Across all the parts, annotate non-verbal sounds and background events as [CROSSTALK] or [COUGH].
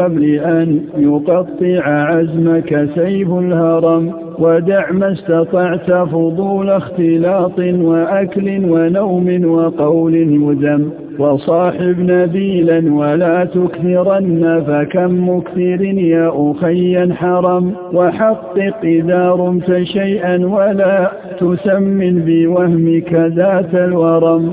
قبل أن يقطع عزمك سيف الهرم ودع ما استطعت فضول اختلاط وأكل ونوم وقول مذم وصاحب نبيلا ولا تكثرن فكم مكثر يا أخي حرم وحقق إذا رمت شيئا ولا تسمن بوهمك ذات الورم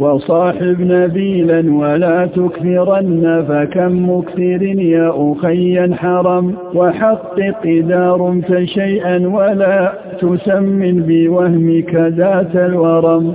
وصاحب نبيلا ولا تكثرن فكم مكثر يا أخي حرم وحقق قدار فشيئا ولا تسمن بوهمك ذات الورم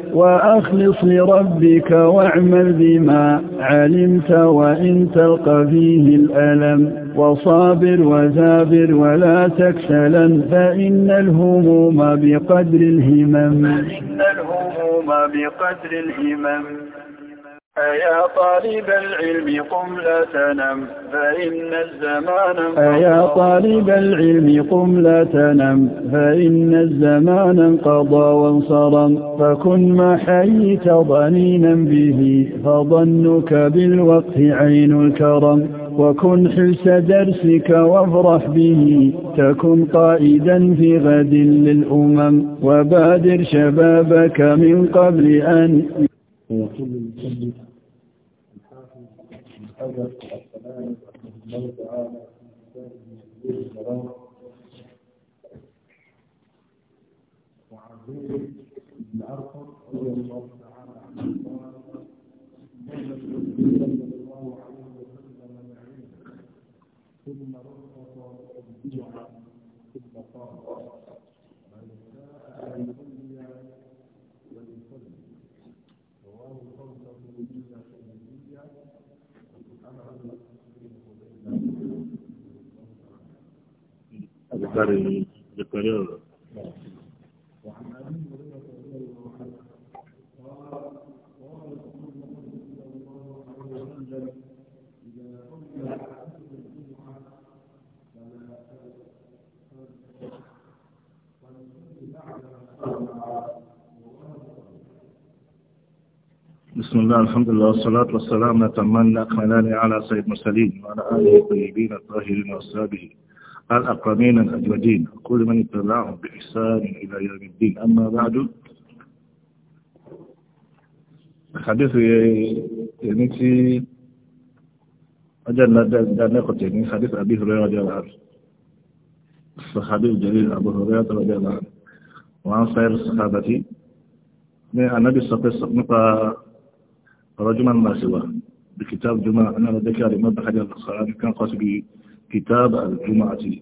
وأخلص لربك واعمل بما علمت وإن تلقى فيه الألم وصابر وزابر ولا تكسلا فإن الهموم بقدر الهمم فإن الهموم بقدر الهمم أيا طالب العلم قم لا تنم فإن الزمان أيا طالب العلم قم لا تنم فإن الزمان انقضى وانصرم فكن ما حييت ضنينا به فظنك بالوقت عين الكرم وكن حلس درسك وافرح به تكن قائدا في غد للأمم وبادر شبابك من قبل أن Thank you. حضرة السلام رحمه الله تعالى في كتابه الصلاة وعن زيد بن رضي الله تعالى عنه قال ذكر ذكر بسم الله الحمد لله والصلاة والسلام نتمنى أكملان على سيد المرسلين وعلى آله الطيبين الطاهرين وأصحابه الأقامين الأجودين كل من اتبعهم بإحسان إلى يوم الدين أما بعد حديث يعني أجل دانقة يعني حديث أبي هريرة رضي الله عنه الصحابي الجليل أبو هريرة رضي الله عنه وعن سائر الصحابة النبي صلى الله عليه وسلم رجما ما سواه بكتاب جمعة أنا ذكر ابن بحديث الصحابي كان قصدي kitab al-jumu'ati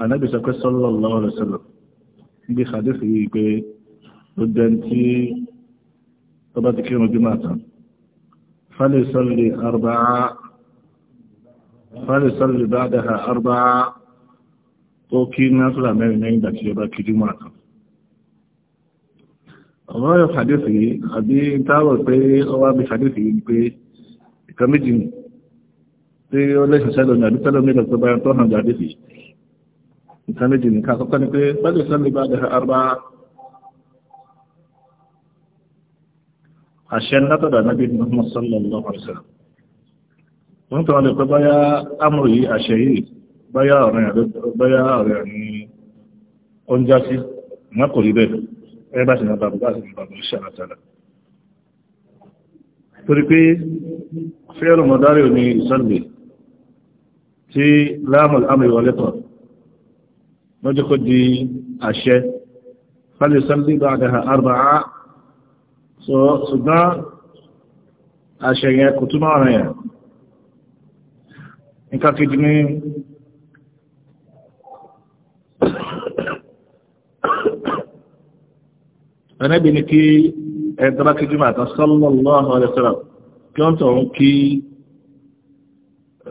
anábì sọ pé sallallahu alaihi wasallam níbi hadith yìí pé ó dẹn tí ó bá ti kírun jùmọ̀ àtàn falisalli arba'a falisalli ba'daha arba'a ó kí náfìlà mẹ́rin lẹ́yìn ìgbà tí ó bá kí jùmọ̀ àtàn ọ̀rọ̀ hadith yìí àbí táwọn pé ọwọ́ bí hadith yìí pé ìkan méjì ni tí ó lẹ́sìn sẹ́lẹ̀ ní àdúgbò mílẹ̀ tó báyọ̀ tó hàn jáde sí nǹkan méjì nìkan àkọ́kọ́ ni pé bẹ́ẹ̀ sẹ́lẹ̀ bá dẹ̀ arba àṣẹ látọ̀dọ̀ Ànábì Muhammad sallallahu alaihi wasallam wọ́n tọ́ lè pé báyá amúrù yìí àṣẹ yìí báyá ọ̀rẹ́ ní oúnjẹ sí wọ́n kò rí bẹ́ẹ̀ ẹ bá sì ní bàbá bá sì ní bàbá ṣàlátàlá torí pé fẹ́ràn mọ̀dárì ò ní ìsọ́lẹ̀ tí láàmù àmì wọlé tọ̀ lọ́jọ́ kó di àṣẹ fálẹ̀ sọ́lé bá àdáhà arba'a so ṣùgbọ́n àṣẹ yẹn kò túnmọ̀ ọ̀rọ̀ yẹn nǹkan kejì ní ẹnẹ́bì ni kí ẹ̀dọ́rá kejì máa tán sallallahu alaihi wasallam kí wọ́n tọ̀ ń kí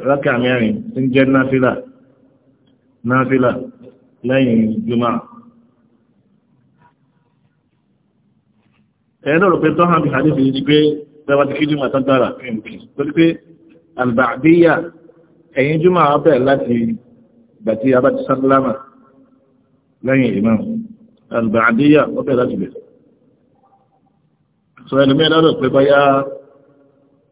rákà mẹ́rin tí ń jẹ́ náfílà náfílà lẹ́yìn jùmọ́ ẹ̀yẹ́ lọ́rọ̀ pé tọ́hàn bí hadith yìí pé tẹ́wà ti kí jùmọ́ tọ́tàrà torí pé albàdíyà ẹ̀yìn jùmọ́ abẹ́ láti gbàtí abájú sálámà lẹ́yìn imam albàdíyà ó bẹ̀ láti bẹ̀ sọ ẹlòmíràn lọ́rọ̀ pé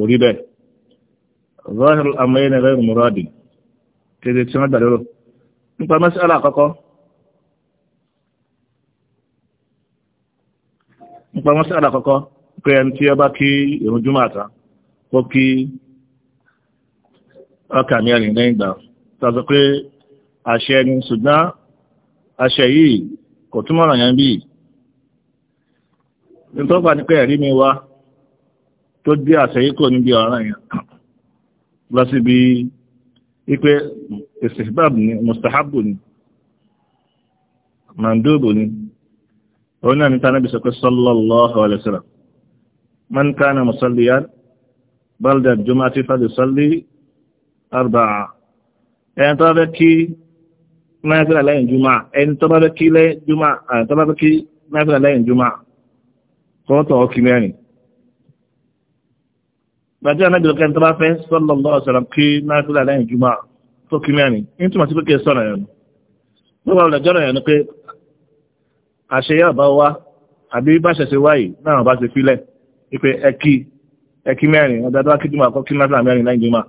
kò rí bẹ́ẹ̀ zahir al-amrayni ghayr muradin kéde tí wọ́n gbà lérò nípa mas'ala àkọ́kọ́ nípa mas'ala àkọ́kọ́ pé ẹni tí ó bá kí ìrun jùmọ̀ àtà ó kí ọkà mẹ́rin lẹ́yìn ìgbà tàbí pé àṣẹ ni ṣùgbọ́n àṣẹ yìí kò túmọ̀ ràn yẹn bíi nítorí wà ní pé ẹ̀rí mi wá tó gbé àṣẹyíkò níbi ara yẹn lọ síbi wípé ìsìnbáàbù ni mustahabu ni mandubu ni òun náà níta níbi sọpé sallallahu alaihi wasallam man kana musalliyan balda jumati fali salli arba'a ẹni tó bẹ́ kí náàfíà lẹ́yìn jùmọ́ ẹni tó bẹ́ kí náàfíà lẹ́yìn jùmọ́ kọ́tọ̀ ọkì mẹ́rin gbàdúrà náà bìrì kẹ́ni tó bá fẹ́ sallallahu alaihi wasallam kí náà fúlà lẹ́yìn jùmọ̀ tó kí mẹ́rin ní túmọ̀ sí pé kí ẹ sọ̀rọ̀ yẹn ló bá lọ́jọ́ rẹ̀ ni pé àṣeyẹ́ ọ̀bá wa àbí báṣẹ̀ ṣe wáyìí náà bá ṣe fílẹ̀ ipe ẹkí ẹkí mẹ́rin ọjọ́ tó wá kí jùmọ̀ àkọ́ kí náà mẹ́rin lẹ́yìn jùmọ̀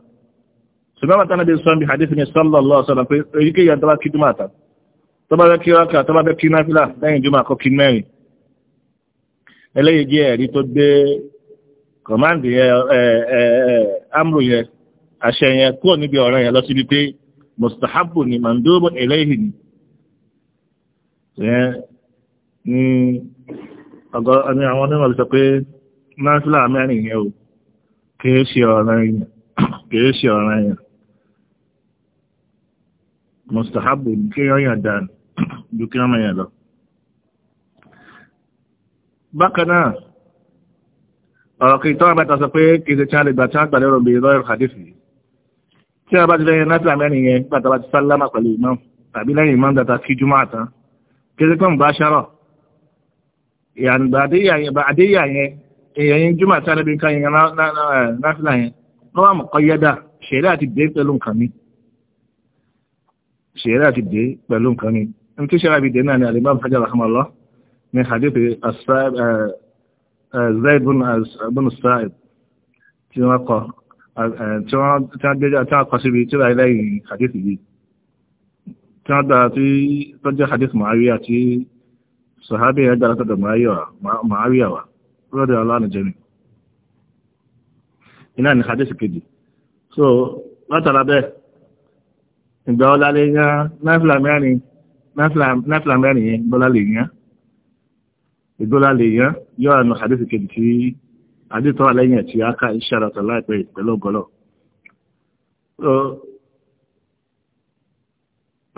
ṣùgbọ́n bàtà náà bí sọ́n bí hadith ni sallallahu alaihi wasallam pé èyíkéyìí ọjọ́ kọ̀máǹdì yẹn amúrò yẹn àṣẹ yẹn kúrò níbi ọ̀rọ̀ yẹn lọ síbi pé mustahabu ni eléyìí ni yẹn ní ọgọ́ ní àwọn onímọ̀ sọ pé náṣílà mẹ́rin yẹn o kìí ṣe ọ̀rọ̀ yẹn mustahabu ni kí yàn dànù lọ. bákan ọ̀rọ̀ kí tọ́wọ́ mẹ́ta sọ pé kì í ṣe tí a lè gbà tí wọ́n gbàlérò bí lọ́rọ̀ hadithi tí a bá ti lẹ́yìn náfìlà mẹ́rin yẹn gbàtà bá ti sálámà pẹ̀lú imam tàbí lẹ́yìn imam dàtà kí júmọ́ àtàn kì í ṣe pé mo bá ṣọ́rọ̀ àdéyà yẹn èèyàn júmọ́ àti alẹ́bí ká yẹn náfìlà yẹn wọ́n wà mọ̀kọ́ yẹ́dà ṣeré àti dé pẹ̀lú nǹkan Eh, zaid bin sa'id tí wọ́n kọ eh, tí wọ́n gbé tí wọ́n kọ síbi tí wọ́n lẹ́yìn hadith yìí tí wọ́n dára tí tó jẹ́ hadith ma'ariya tí sahabi ya dára tọ́dọ̀ ma'ariya wa rọ́dọ̀ aláàrin jẹ́mi iná ni hadith kejì so látara bẹ́ẹ̀ ìgbà ọlá lè yán náfìlà mẹ́rin yẹn gbọ́lá lè yán ìgbóla lè àánú àdéhùn kejì tí àdéhùn àlẹ́yìn ẹ̀ tí a láìpẹ́ pẹ̀lú ọgọ́lọ̀.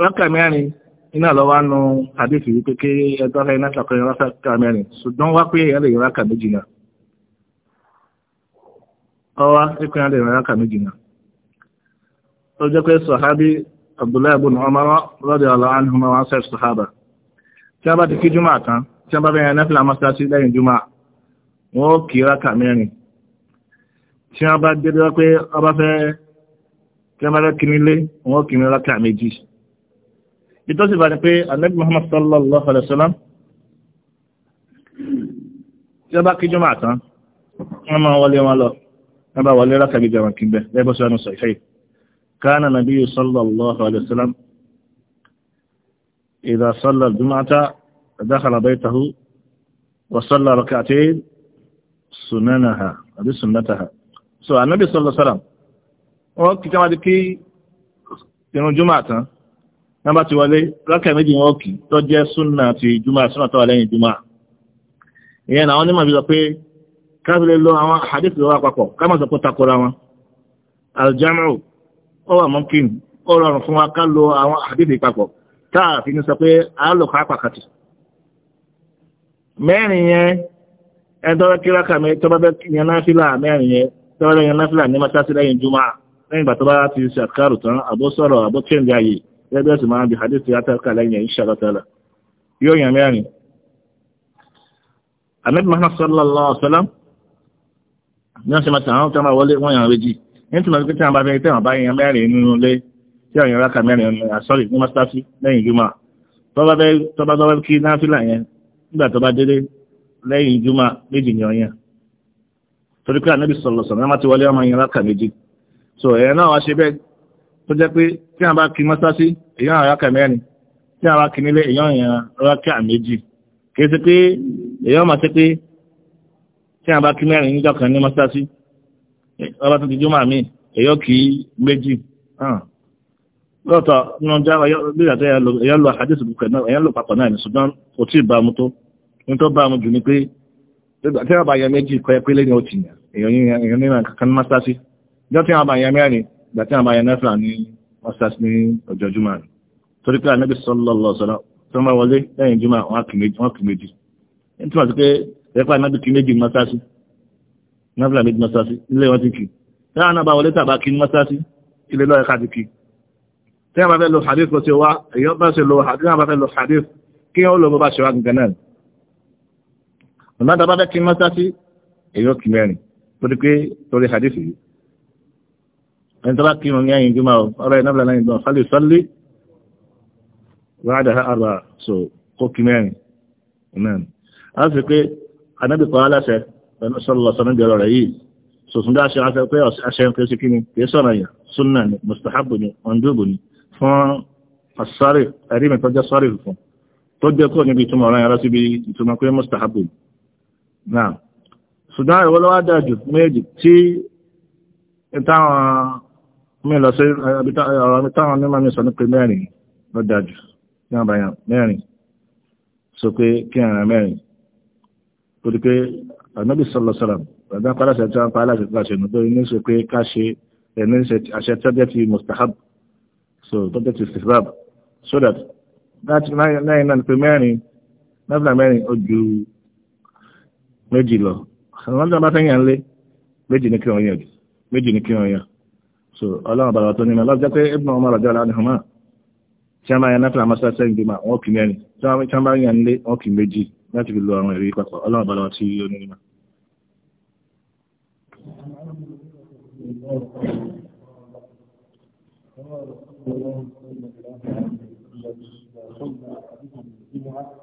rákà mẹ́rin iná nu àdéhùn yìí kí ẹjọ́ rẹ̀ iná ṣàkóyọ rákà ṣùgbọ́n wá pé èèyàn lè yọ rákà méjì náà. ọwá yẹn lè yọ rákà méjì náà. ó jẹ́ pé sọ̀hábí Abdullahi wọn sọ̀hábà tí a bá ti kí tí wọ́n bá bẹ̀rẹ̀ náfìlà mọ́sálásí lẹ́yìn jùmọ́ wọ́n ó kí rákà mẹ́rin tí wọ́n bá dédé wá pé ọba fẹ́ tí wọ́n bá fẹ́ kí nílé wọ́n ó kí ní rákà méjì ìtọ́sí bá ní pé anabi muhammad sallallahu alayhi wa كان النبي صلى الله عليه وسلم إذا صلى الجمعة دخل بيته وصلى ركعتين sunanaha àbí sunnataha so annabi sallallahu alaihi wasallam wọ́n kí kama di kí irun juma tán náà bá ti wọlé rákà méjì wọ́n kì tó jẹ́ sunna ti juma sunna tó wà lẹ́yìn juma ìyẹn àwọn onímọ̀ bí sọ pé káàbílẹ̀ lọ àwọn hadith lọ́wọ́ àpapọ̀ káàmọ̀ sọ pé takora wọn aljamu ó wà mọ́kín ó rọrùn fún wa ká lo àwọn hadith ìpapọ̀ táà fi ní sọ pé àálòkọ́ àpàkàtì mẹ́rin yẹn ẹ̀dọ́rẹ́ kíráka tọ́bẹ́bẹ́ yẹn náfìlà mẹ́rin yẹn tọ́bẹ́bẹ́ yẹn náfìlà ní mọ́ṣáláṣí lẹ́yìn jùmọ́ lẹ́yìn ìgbà bá ti ṣe tán àbó sọ̀rọ̀ àbó chẹ́ǹdì ayé sì máa ń bi hadith yàtọ̀ká lẹ́yìn ẹ̀yìn ṣàlọ́tàlá yóò yàn mẹ́rin. ahmed muhammad sallallahu alaihi wa sallam ní wọ́n ṣe máa tàn án tó máa wọlé wọ́n yàn nígbà tó bá délé lẹ́yìn júmọ́ méjì ní ọyàn torí pé ànábì sọ̀rọ̀ sọ̀rọ̀ náà ti wọlé ọmọ yẹn rákà méjì so ẹ̀yẹ náà wá ṣe bẹ́ẹ̀ tó jẹ́ pé tí a bá kí mọ́sáṣí èyàn rákà mẹ́rin tí a bá kí nílé èyàn yẹn rákà méjì kìí ṣe pé èyàn máa ṣe pé tí a bá kí mẹ́rin níjọ kan ní mọ́sáṣí ọba tó ti júmọ́ àmì èyàn kì í méjì lọ́tọ̀ nínú jáwọ́ èyàn lò papọ̀ náà ní tó bá mu jù ni pé tí wọ́n bá yan méjì kọ́ ẹ pé lẹ́yìn òtì èèyàn ní kankan ní mọ́sáàsì ìjọ tí wọ́n bá yan mẹ́rin ìgbà tí wọ́n bá yan mẹ́fà ní mọ́sáàsì ní ọjọ́ jùmọ̀ rẹ̀ torí pé ànábì sọlọ́lọ́ sọlọ́ tí wọ́n bá wọlé lẹ́yìn jùmọ̀ wọn kì méjì ní tí wọ́n ti pé ẹ̀pá ànábì kì méjì mọ́sáàsì náfìlà méjì fẹ́ lo hadith kí wọ́n lo bó ṣe wá gangan náà ọ̀nà tàbá fẹ́ kí mọ́sáàsì èèyàn kì mẹ́rin torí pé torí hadith yìí ẹni tàbá kí wọn ní ẹ̀yìn jùmọ̀ ọ̀rọ̀ ẹ̀ náà lẹ́yìn jùmọ̀ fálì sọ́lé àrà so kó kì mẹ́rin mẹ́rin a sì pé anábì kan aláṣẹ pẹ̀lú sọ́lọ́ sọ́nà ìjọrọ̀ rẹ̀ yìí sòsùn dáṣẹ aṣẹ pé aṣẹ ń pè sí kíni kìí sọ̀rọ̀ yà súnà ni mustahabu ni ọ̀ndúbù ni fún asáré ẹ̀rí mi tó jẹ́ sọ́rì fún tó jẹ́ kó níbi ìtumọ̀ ọ̀rọ̀ yẹn lọ síbi ìtumọ̀ pé mustahabu ni náà ṣùgbọ́n ìwọ́n lọ́wọ́ dájú méjì tí táwọn mi lọ sí ọ̀rọ̀ mi táwọn onímọ̀ mi sọ ní pé mẹ́rin lọ dájú ní àbáyàn mẹ́rin sọ pé kí ẹ̀ràn mẹ́rin tó di pé ànábì sọ̀rọ̀ sọ̀rọ̀ ọ̀dá pàdásẹ̀ tí wọ́n pa aláṣẹ tó ní sọ pé ká ṣe ẹ̀ní àṣẹ tẹ́jẹ́ ti mustahab so tẹ́jẹ́ ti istihbab so that láti náà náà pé mẹ́rin náà mẹ́rin ojú méjì lọ àwọn ọjọ́ bá tẹ́yìn àlé méjì ní kí wọ́n méjì ní kí wọ́n so ọlọ́run bàbá tó ní ma lọ́jọ́ pé Ibn Umar radiyallahu anhuma tí a máa yan náfìlà máa sẹ́sẹ́ ìgbé kì mẹ́rin tí wọ́n bá lé kì méjì láti fi lo àwọn ẹ̀rí papọ̀ ọlọ́run bàbá tí ó ní ma. Thank you.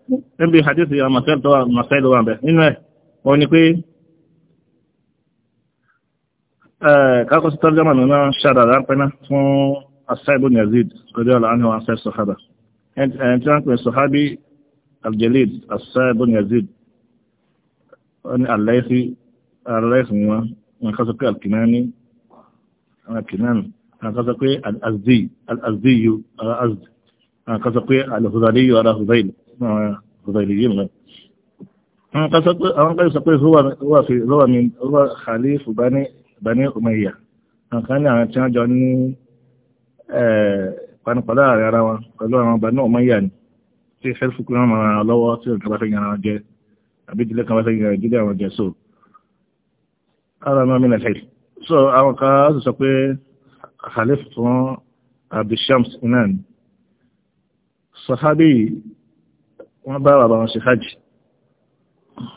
níbi hadith ya masáìlú wà bẹ̀ nínú ẹ̀ wọ́n ni pé kákọ́sí tọ́jọ́mà nínú ṣàdà ránpẹ́ná fún asáìbù yazid rẹ̀dẹ́ aláàánú asẹ́ sọ̀hábà ẹni tí wọ́n pè sọ̀hábí aljelid asáìbù yazid wọ́n ni aláìsí aláìsí wọn wọn kásọ pé alkinani alkinani wọn kásọ pé alazdiyu alazdi wọn kásọ pé alhuzaliyu alhuzailu àwọn ọ̀dọ̀lẹ̀yìn lọ. àwọn kan sọ pé huwa fi huwa min huwa khalifu bani umayya nǹkan ní àwọn tí wọ́n jọ ní panupọ̀lá ààrẹ ara wọn pẹ̀lú àwọn bani umayya ni tí ìfẹ́lifù kí wọ́n mọ ara lọ́wọ́ tí nǹkan bá fẹ́ yan àwọn jẹ àbí ìdílé kan bá fẹ́ àwọn jẹ so ara náà mi nà ṣe so àwọn kan sọ pé khalifu fún abdulshams inan sahabi wọ́n bá bàbá wọn sí hajj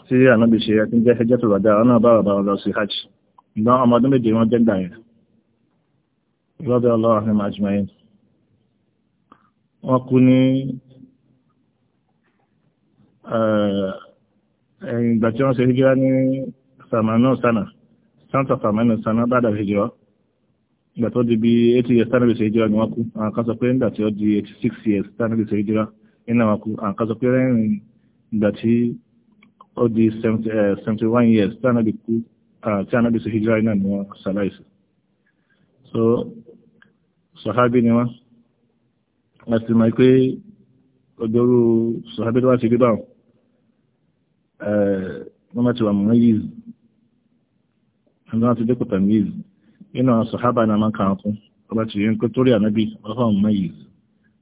tí ànábì ṣe ẹ̀tún jẹ́ ẹjẹ́ tó bàdá wọn náà bá bàbá wọn lọ sí hajj ìgbọ́n ọmọ ọdún méje wọn jẹ́gbà yẹn ìrọ́bẹ̀ ọlọ́run ní majmain wọ́n kú ní eh, ẹ̀yìn ìgbà tí wọ́n ṣe hijira ní samanu sana santa samanu sana bada hijira ìgbà tó di bí 80 years tánàbì ṣe hijira ni wọ́n kú àwọn kan sọ pé nígbà tí ó di 86 years tánàbì ṣe hijira iná wọn kú àǹkásọ pé rẹ́rìn di 71 eh, years tí ànábì ah tí ànábì sí hijira iná ni wọ́n so sahabi ni wọ́n a sì mọ̀ pé ọjọ́rú sọ̀hábí tó wá ti rí báwọn wọ́n ti wà mọ́ yìí wọ́n ti dẹ́kùtà mọ́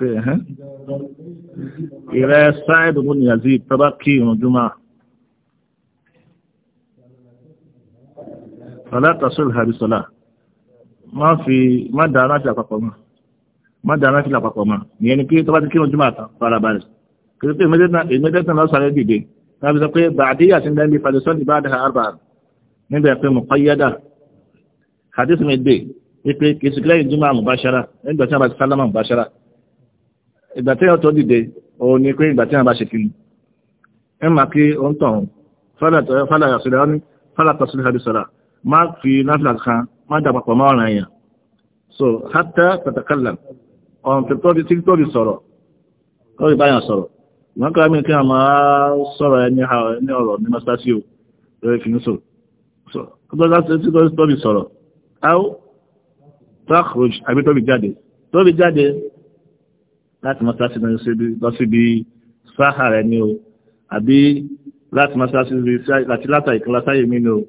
pé ẹ̀hẹ́ ìrẹ́ sáìdù bó ni Yazid tọ́bá kí ìrùn júmọ́ alátasọ́ ìhàbísọ́lá má fi má dá láti àpapọ̀ mọ́ má dá láti àpapọ̀ mọ́ ìyẹn ni pé tọ́bá ti kí ìrùn júmọ́ àtàn farabalẹ̀ kìí pé ìmẹ́tẹ́tàn lọ sàrẹ́ dìde láti sọ pé bàdíyà ti ń dẹ́ni arba níbẹ̀ pé mọ̀ kọ́yẹ́dà hadith mi dé wípé kìí sì kílẹ̀ ìjúmọ́ àmùbáṣára nígbà ìgbà tí wọ́n tó dìde òun ni pé ìgbà tí wọ́n bá ṣe kí ni ẹ máa kí ó ń tàn fálà àṣírí ọ́ní fálà tọ́sílẹ̀ àdìsọ́là má fi náfìlà kan má dàpapọ̀ mọ́ ọ̀ràn èèyàn so hátà tàtàkàlà ọ̀n tí tóbi sọ̀rọ̀ tóbi báyàn sọ̀rọ̀ wọ́n kọ́ mi kí wọ́n máa sọ̀rọ̀ ẹni ọ̀rọ̀ ní mọ́sásí o lórí fi tóbi jáde tóbi jáde láti mọ́sáàsì lọ síbi sáhà rẹ̀ ni o àbí láti mọ́sáàsì láti látà ìkọlásáyè mi ni o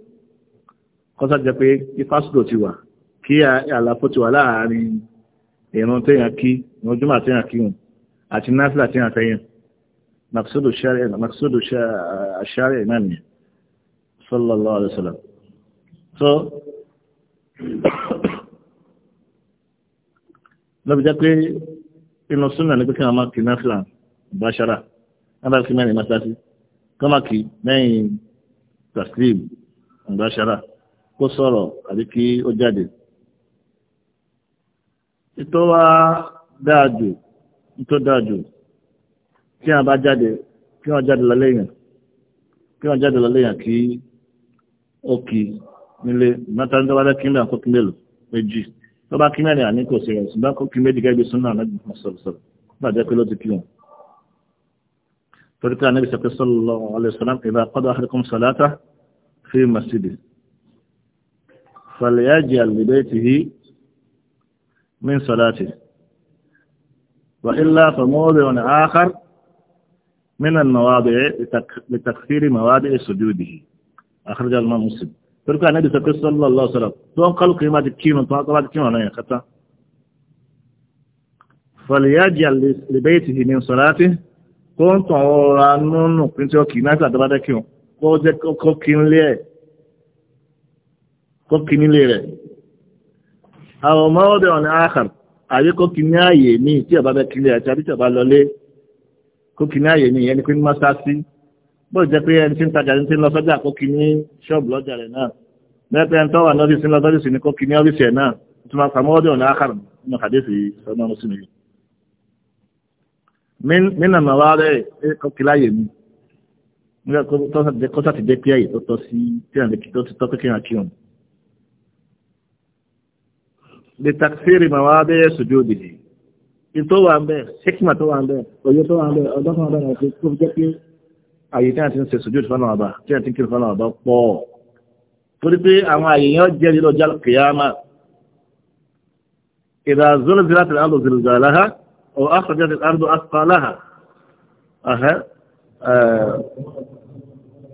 kọ́sá jẹ́ pé ifásitò ti wà kí àlàfo ti wà láàárín ìrun téèyàn kí ìrun jùmọ̀ téèyàn kí hùn àti náfìlà téèyàn fẹ́yàn maksudu ṣáàrẹ̀ náà nìyẹn sallallahu alaihi wasallam so [COUGHS] lọ́bi jẹ́ pé inú súnà ní pé kí wọ́n máa kì náà fìlà bàṣára náà bá kí mẹ́rin mọ́sáàsì kí wọ́n máa kì lẹ́yìn taslim bàṣára kó sọ̀rọ̀ àbí kí ó jáde. ètò wa dáa jù tó dáa jù kí wọ́n bá jáde kí wọ́n jáde lọ lẹ́yìn kí wọ́n jáde lọ lẹ́yìn kí ó kì nílé mọ́tàndínlọ́wọ́dá kí ń bẹ̀ àkókò mélòó méjì. tó bá kí mẹ́rin àní kò sí rẹ̀ ṣùgbọ́n kó kí méjì gẹ́gẹ́ súnà ànábì sọ̀rọ̀sọ̀rọ̀ bá jẹ́ pé ló ti kí wọn. torí pé ànábì sọ pé sallallahu alaihi wasallam idha qada ahadukum salata fi masjidi falyaj'al li baytihi min salati wa illa fa mawdi'un akhar min an-nawadi' li takthiri mawadi' sujudihi akhrajahu al-Muslim torí pé ànábì sọ pé sọ́lọ́ lọ́wọ́ sọ́lọ́ tó ń kálukú yìí máa ti kírun tó wá ti kírun ọ̀nà yẹn kátá. fọlìyájì àlèbẹ́yìtì ní sọ̀ràtì tó ń tàn ọ̀rọ̀ anúnù pín tí ó kì í náà sàdọ́bá dẹ́kìrùn kó jẹ́ kó kí nílé rẹ̀. ní ààyè bó jẹ́ pé ẹni tí ń tajà ní tí ń lọ sọ́jà kó kí ní ṣọ́ọ̀bù lọ́jà rẹ̀ náà bẹ́ẹ̀ pé ẹni tó wà lọ́dí sí ń lọ sọ́dí sí ni kó kí ní ọ́fíìsì ẹ̀ náà tó máa fàmọ́ ọdún ọ̀nà àkàrà nínú àdéhùn sọ́nà ọ̀nà sínú yìí. mínà màá wá rẹ̀ kó kí láyè mi kó sàti jẹ́ pé àyè tó tọ́ sí tí à ń tó ti tọ́ pé kí àyè tí a ti ń ṣe sùjúdù fún ọba tí a ti ń kiri fún ọba pọ̀ torí pé àwọn àyè yẹn jẹ́ lílọ jẹ́ kìyàmà ìdá zulzilat al-ardu zilzalaha wa akhrajat al-ardu athqalaha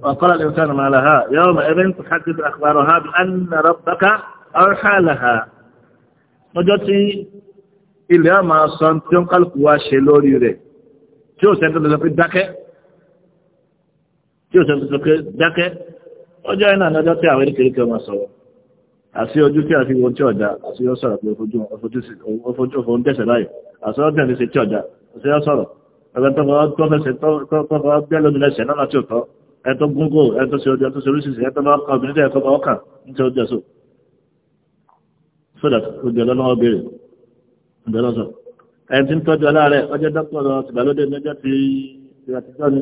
وقال الإنسان ما لها يومئذ تحدث أخبارها بأن ربك أوحى لها ọjọ́ tí ilẹ̀ a máa sọ tí ó ń kálùkù wá ṣe lórí rẹ̀ tí ó sẹ́ntẹ́ lọ́sọ pé dákẹ́ tí ó sọ tuntun pé dákẹ́ ọjọ́ iná lọ́jọ́ tí àwọn erékèrékè ọmọ sọ̀rọ̀ àti ojú tí a fi wọ́n tí ọ̀dá àti yóò sọ̀rọ̀ pé ọfojú ń tẹ̀sẹ̀ báyìí àti ọjọ́ ìrìnsè tí ọ̀dá àti yóò sọ̀rọ̀ ẹgbẹ́ tó fọwọ́ gbẹ́ lómi lẹ́sẹ̀ lọ́nà tí ó tọ́ ẹ̀tọ́ gúngò ẹ̀tọ́ sí ojú ẹ̀tọ́ sí oríṣiríṣi ẹ̀tọ́ bá kọ obìnrin tẹ́ẹ̀kọ́ bá ọkà ń tẹ́ ojú ẹ̀sọ́ sódà ojú ọlọ́wọ́ béèrè ìbẹ̀lọ́sọ̀ ẹ̀ ti ń tọ́jú ọlá rẹ̀ ọjọ́ dọ́kítọ̀ ọ̀tìgbàlódé ní ọjọ́ ti ìgbàtijọ́ ni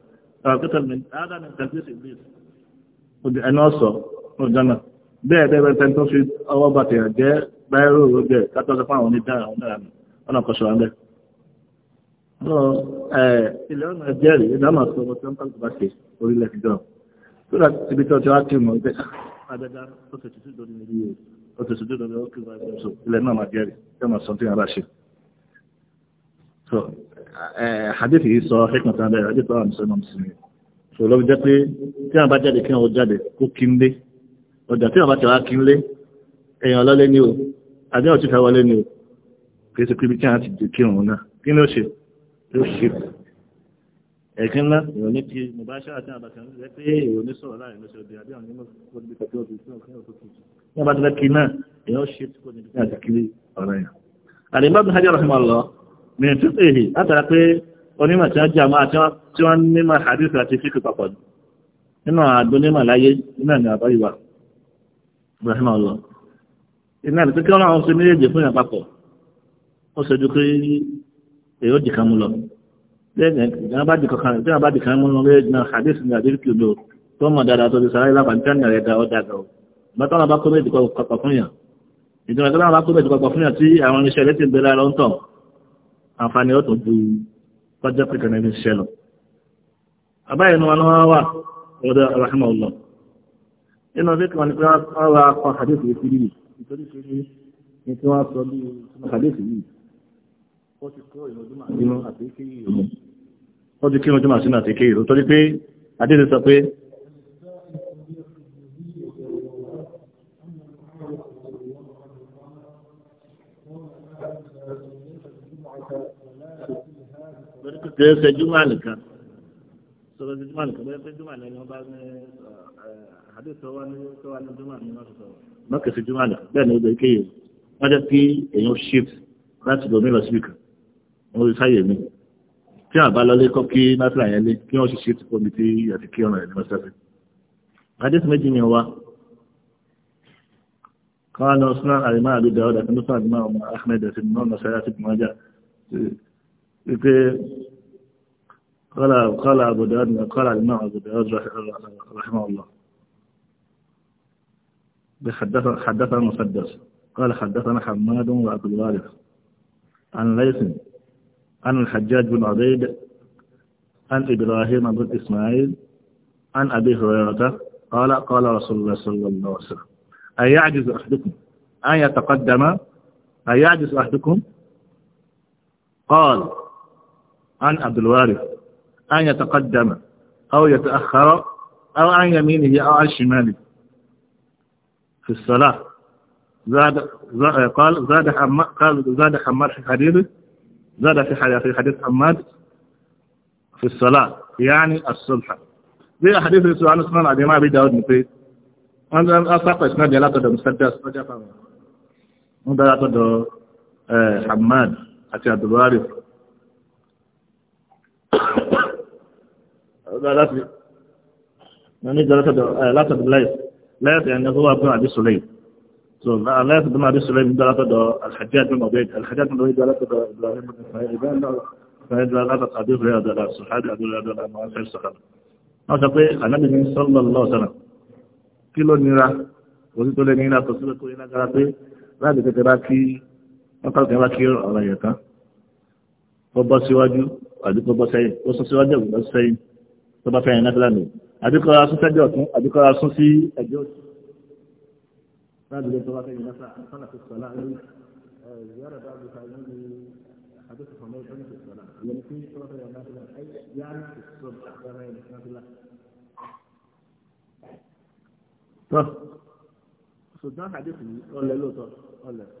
ọ̀kẹ́tọ̀ mi ádá mi tẹ̀sí ìbílẹ̀ òdì ẹni ọ̀sọ̀ ọ̀jọ́nà bẹ́ẹ̀ bẹ́ẹ̀ bẹ́ẹ̀ tẹ́ntọ́ fi ọwọ́ bá tẹ̀yà jẹ́ báyìí rò bẹ́ẹ̀ kátọ́sọ fún àwọn onídàá àwọn náà ọ̀nà kọ̀ṣọ́ wọn bẹ́ẹ̀. ilẹ̀ ọ̀nà jẹ́rìí ìdámà sọ ọmọ tí wọ́n kálukú bá ṣe orílẹ̀ ìjọ tó dà ibi tí wọ́n ti wá kí mọ̀ ibẹ̀ ah, abẹ́dá ó ti tìtú dòdò ní iye ó ti tìtú dòdò ó kí wọ́n ilẹ̀ náà máa jẹ́rìí hadith yìí sọ hikmat tán bẹ́ẹ̀ hadith wà mùsùlùmí mùsùlùmí so lọ́bi jẹ́ pé tí wọ́n bá jáde kí wọ́n jáde kó kí ń lé ọjà tí wọ́n bá ti wá kí ń lé èèyàn lọ́lé ní o àbí ọ̀tí fẹ́ wọlé ní o kì í ṣe píbi tí wọ́n ti dé kí òun náà kí ni ó ṣe yóò ṣe ẹ̀kan ńlá èèyàn ní ti mo bá ṣáà tí wọ́n bá ti rẹ̀ pé èèyàn ní sọ̀rọ̀ láàrin lọ́sẹ̀ ọdẹ àbí àwọn onímọ̀ tó ti kọ́ tó ti sọ̀rọ̀ kí wọ́n tó ti wọ́n bá ti rẹ̀ kí náà èèyàn ṣe tí kò ní mìíràn tó èhè látara pé onímọ̀ tí wọ́n jẹ́ àmọ́ tí wọ́n nímọ̀ hadith àti fíkì papọ̀ nínú àdónímọ̀ láyé nínú àmì àbáyíwá ibrahim ọlọ iná àti pé kí wọ́n àwọn ṣe méjèèjì fún yàn papọ̀ ó ṣe ju pé èyí ó dì kan mú lọ lẹ́yìn ìjọba bá dì kankan tí wọ́n bá dì kan mú lọ lẹ́yìn náà hadith ní àdéhùn kí odò tó mọ̀ dáadáa tó ti sáré lápàtánì rẹ̀ dáa ó dáadáa ó bàtà wọn bá kó méjì papọ̀ fún yàn ìjọba tó wọn bá kó méjì papọ̀ fún yàn tí àwọn irinṣẹ́ rẹ̀ ti bẹ̀rẹ̀ lọ́ntàn àǹfààní ọ̀tọ̀ ju kọjá pé kẹrẹ fi ṣẹlọ àbáyé ni wọn wá ọ̀dọ̀ rahimahullah nínú ọdún kan ní pé wọn wá kọ àdéhùn yìí síbí nítorí pé ní tí wọn sọ bí àdéhùn yìí ó ti kó ìrọ̀júmọ̀ àti ìrọ̀ àti ìkéyìí rọ̀ ó ti kí ìrọ̀júmọ̀ àti ìkéyìí rọ̀ torí pé àdéhùn sọ pé lórí kòtò ẹsẹ̀ júmọ̀ nìkan sọ̀rọ̀ sí júmọ̀ nìkan bẹ́ẹ̀ pé júmọ̀ lẹ́yìn ọba ní àdé tọ́wọ́ ní tọ́wọ́ ní júmọ̀ ní wọ́n sọ̀rọ̀. mọ́kẹ́ sí júmọ̀ nìkan bẹ́ẹ̀ ni ó bẹ kéye wọ́n jẹ́ kí èèyàn shift láti lòmí lọ síbi kan wọ́n fi sáyè mi tí wọ́n bá lọlé kọ́ kí náfìlà yẹn lé kí wọ́n sì shift fún mi tí àti kí ọ̀nà ẹ̀dínwó sẹ́fẹ̀. àdé tí méjì ni wa قال وصنع الإمام أبي داود أن نصنع الإمام قال قال أبو داود قال الإمام أبو داود رحمه الله حدثنا مسدس قال حدثنا حماد وعبد الوارث عن ليث عن الحجاج بن عبيد عن إبراهيم بن إسماعيل عن أبي هريرة قال قال رسول الله صلى الله عليه وسلم أيعجز أحدكم أن يتقدم أيعجز أحدكم قال عن عبد الوارث أن يتقدم أو يتأخر أو عن يمينه أو عن شماله في الصلاة زاد قال زاد حماد قال زاد حماد في حديثه زاد في حديث في حديث حماد في الصلاة يعني الصبح في حديث رسول الله صلى الله عليه وسلم أبي داود نبي أنا أصدق إسناد يلا تدو مسدس ما جاء أنا حماد àti àdúrà rẹ̀ من درجة لا تدليس لا يعني هو ابن أبي سليم لا يخدم أبي سليم من درجة الحجاج بن عبيد الحجاج بن عبيد درجة إبراهيم بن إسماعيل إبراهيم فهذا لا تقدير لهذا لا الصحابي أدل هذا لا ما في الصحابة أو تقول النبي صلى الله عليه وسلم كيلو نيرة وزيت له نيرة تصير كل نيرة لا تكتراكي wọ́n kálukú yẹn bá kí ọ̀rọ̀ yẹn tán kó bọ́ síwájú àbí kó bọ́ sẹ́yìn kó sún síwájú àbí kó sún sẹ́yìn tó bá fẹ́ yẹn náà lánàá àbí kó ra sún sẹ́jọ́ ọ̀tún àbí kó ra sún sí ẹ̀jẹ̀ òsì láti lè tó bá fẹ́ yẹn náà sọ́nà fi sọ̀lá lórí زيارة بعض التعليم حديث حميد عن في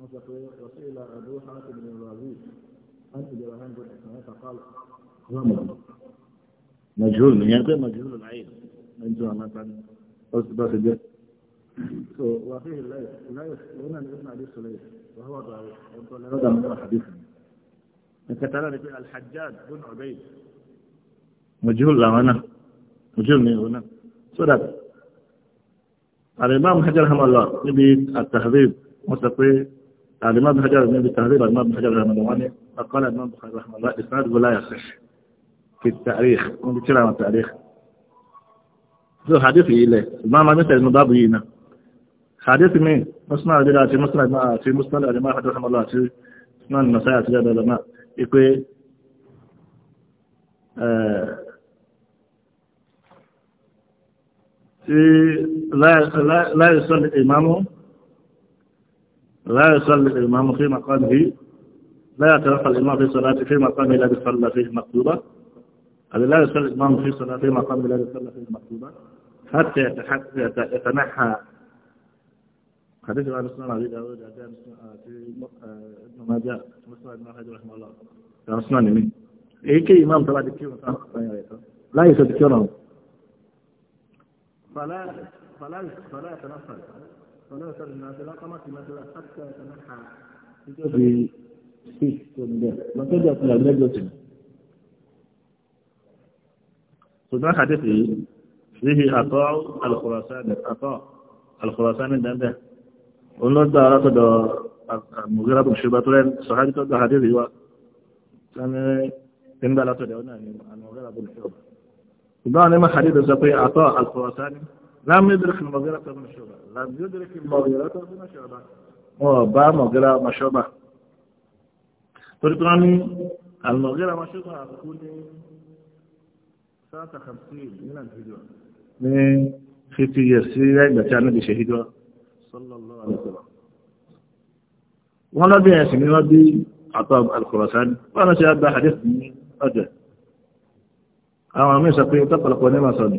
وسئل أبو حاتم بن الرازي عن إبراهيم بن إسماعيل فقال رمضان مجهول من يعطي مجهول العين من أنت مثلا أصبح جد وفيه لا الليث هنا ابن أبي سليم وهو ضعيف يقول هذا من حديث أنت تعالى في الحجاج بن عبيد مجهول لا مجهول من هنا صدق الإمام حجر رحمه الله يبي التهذيب مستقيم الإمام بن حجر من التهذيب الإمام بن حجر الهمدواني قال الإمام بن حجر رحمه الله إسناد ولا يصح في التاريخ من بتشير عن التاريخ ذو حديث إليه الإمام مثل المضابيين حديث مين مسمع لله في مسمع في مسمع الإمام حجر رحمه الله في مسمع المساء في العلماء يقول لا لا لا يصلي الإمام لا يصلي الإمام في مقامه لا يتوقع الإمام في صلاته في مقامه الذي صلى فيه مكتوبا الذي لا يصلي الإمام في صلاته في مقامه الذي صلى فيه مكتوبا حتى يتنحى حديث عن عثمان أبي داود جاء آه، آه، ابن ماجه مسلم ابن حجر رحمه الله كان عثمان يمين إيه كي إمام تبع دكتور لا يصدقونه نعم. فلا فلا فلا يتنفل ọ̀nà ìṣẹ̀lẹ̀ náà ṣẹlá ká má ti máa ṣẹlá sáàtì ẹ̀ṣẹ̀ náà ha. Ìjọ bí six tó ń bẹ̀. Lọ́sọ̀dọ̀ àti ìlànà ẹgbẹ́ òsì. Ṣùgbọ́n àdéhùn yìí fífi àtọ́ alùkùrọ̀sánì dẹ́ndẹ̀. Òun ló gba arákọ̀dọ̀ Mùgírà tó ṣe bàtúrẹ́ sọ̀hájú tó gba àdéhùn yìí wá. Sani ti ń gbà látọ̀dẹ̀ ọ̀nà ni Mùgírà tó ṣe bàtúrẹ́. Ṣùgbọ́n àwọn onímọ̀ àdéhùn sọ pé àtọ́ alùkùrọ̀sánì لم يدرك المغيرة بن شعبة لم يدرك المغيرة بن شعبة wọn bá mọ̀gẹ́ra maṣọ́bà torí kan ní àlùmọ̀gẹ́ra maṣọ́bà kú ní sáàtà kàmsí ní nàìjíríà ní fifty years sí ẹgbà tí a níbi ṣe hijọ́ sallallahu alaihi wasallam wọn lọ́bí ẹ̀sìn ní wọ́n bí àtọ́ al-Khurasani wọn lọ́ sí àgbà hadith ní ọjọ́ àwọn àmì ìṣàpẹ́yẹ tọ́pọ̀lọpọ̀ ní màsọ̀nù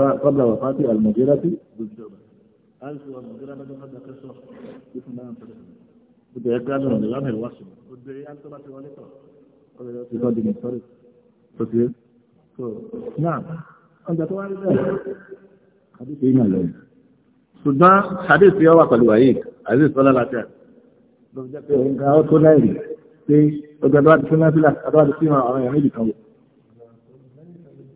قبل وفاة المغيرة بن شعبة ألف والمغيرة بن قد قصة اسم ما أنفسه بدي أكاد من الآن الوصل بدي أن تبعت والدك يقعد من الطريق فكيف نعم أنت توعد حديث إيمان لهم ṣùgbọ́n hadith yọ wà pẹ̀lú wàyí aziz sọlá láti ẹ̀ ló fi jẹ́ pé nǹkan ó tó náírì pé ọjọ́ adúlá ti fún náírì àtàwọn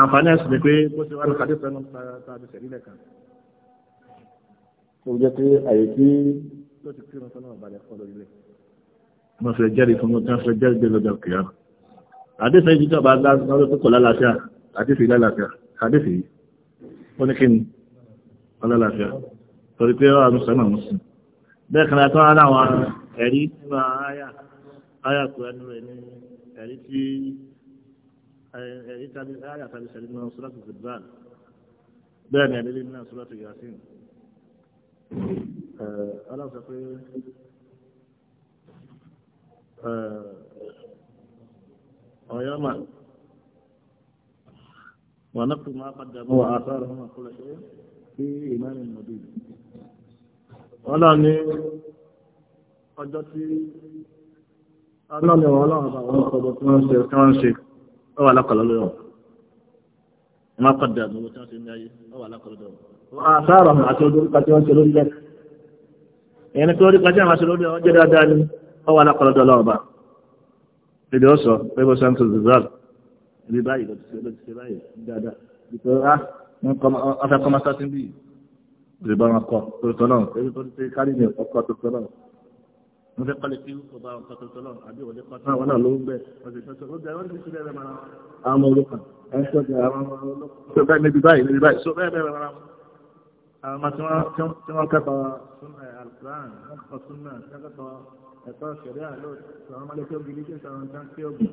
àǹfààní ẹ̀sùn ni pé bó ṣe wá ní kàdé sẹ́nu tàbí sẹ̀rí lẹ́ẹ̀kan tó jẹ́ pé àyè tí tó ti kírun sọ́nà àbálẹ̀ fọ́ lórí ilẹ̀ wọ́n fẹ́ jẹ́rìí fún wọn tí wọ́n fẹ́ jẹ́rìí lọ́jọ́ kìíyà àdéfẹ́ yìí jọba lọ́dún tó kọ̀ lálàáfíà àdéfẹ́ lálàáfíà àdéfẹ́ yìí ó ní kíni ọlọ́láfíà torí pé ọ̀rọ̀ sọ́nà ń sìn bẹ́ẹ̀ kan látọ́ ara àwọn ẹ̀rí nínú àyà àyà kò ẹnu rẹ̀ ní ẹ̀rí tí إذا الآية فبسأل إبن صلاة الزبان بان يعني لنا صلاة ياسين آه، ألا تقول أياما آه، آه، ونكتب ما قدموا آثارهم كل شيء في إيمان مبين ولا من قدرتي أنا لولا هذا ونقضت من سيركان شيخ ó wà lákọ̀ọ́lọ́ lọ́wọ́ wọn máa kọ̀dà ní owó tí wọ́n ṣe ní ayé ó wà lákọ̀ọ́lọ́ lọ́wọ́ wọn á sáàrà mọ̀ àti ojú orípa tí ṣe lórí lẹ́ẹ̀ ìyẹn ni pé orípa tí ṣe lórí ọjọ́ dáadáa ni ó wà lákọ̀ọ́lọ́ lọ́wọ́ bá ibi ó sọ santos zizal ibi báyìí ló ti ṣe ló ti ṣe báyìí dáadáa ìpè á ọfẹ kọmọsá sí bí ìbọn ah, ọkọ tó tọ náà ebi tó ti kárí ní ọkọ tó tọ náà wọ́n fẹ́ kọ́lé tí kò bá wọn kọ́tọ́ tọ́lọ́ àbí òde kọ́tọ́ àwọn náà ló ń bẹ̀ ọ̀sẹ̀ tọ́tọ́ ó bẹ̀rẹ̀ wọ́n ti sílẹ̀ rẹ̀ mara àwọn ọmọ olókan ẹ̀ṣọ́ ti àwọn ọmọ olókan tó bẹ́ẹ̀ níbi báyìí níbi báyìí so bẹ́ẹ̀ bẹ́ẹ̀ mara àwọn ọmọ tí wọ́n kẹ́kọ̀ọ́ alukuran kẹ́kọ̀ọ́ súnà kẹ́kọ̀ọ́ ẹ̀kọ́ ṣẹ̀ríà lóòótọ́ àwọn ọmọdé tó gidi kí sọ̀rọ̀ nǹkan tí ó bù